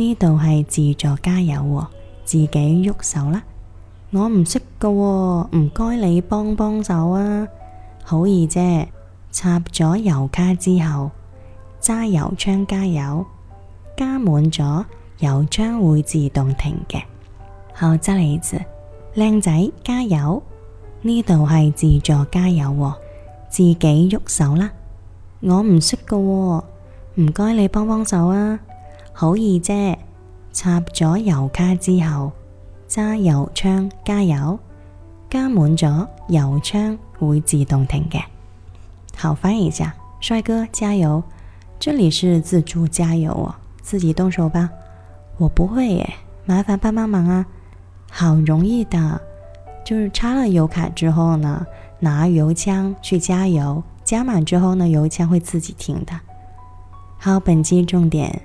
呢度係自助加油喎，自己喐手啦。我唔識噶喎，唔該你幫幫手啊。好易啫，插咗油卡之後，揸油槍加油，加滿咗油槍會自動停嘅。好你，揸李子，靚仔加油。呢度係自助加油喎，自己喐手啦。我唔識噶喎，唔該你幫幫手啊。好易啫，插咗油卡之後，揸油槍加油，加滿咗油槍會自動停嘅。好，翻譯一下，帥哥加油，這裡是自助加油哦，自己動手吧。我不會誒，麻煩幫幫忙啊。好容易的，就是插咗油卡之後呢，拿油槍去加油，加滿之後呢，油槍會自己停的。好，本期重點。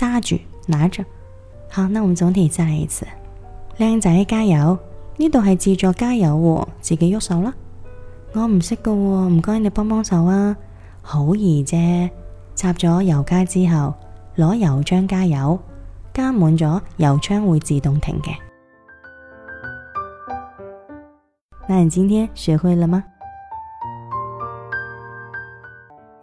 揸住，拿着。好，那我們總體再來一次。靚仔加油，呢度係自助加油喎，自己喐手啦。我唔識噶，唔該你幫幫手啊。好易啫，啊，插咗油卡之後，攞油槍加油，加滿咗油槍會自動停嘅。那你今天學會了嗎？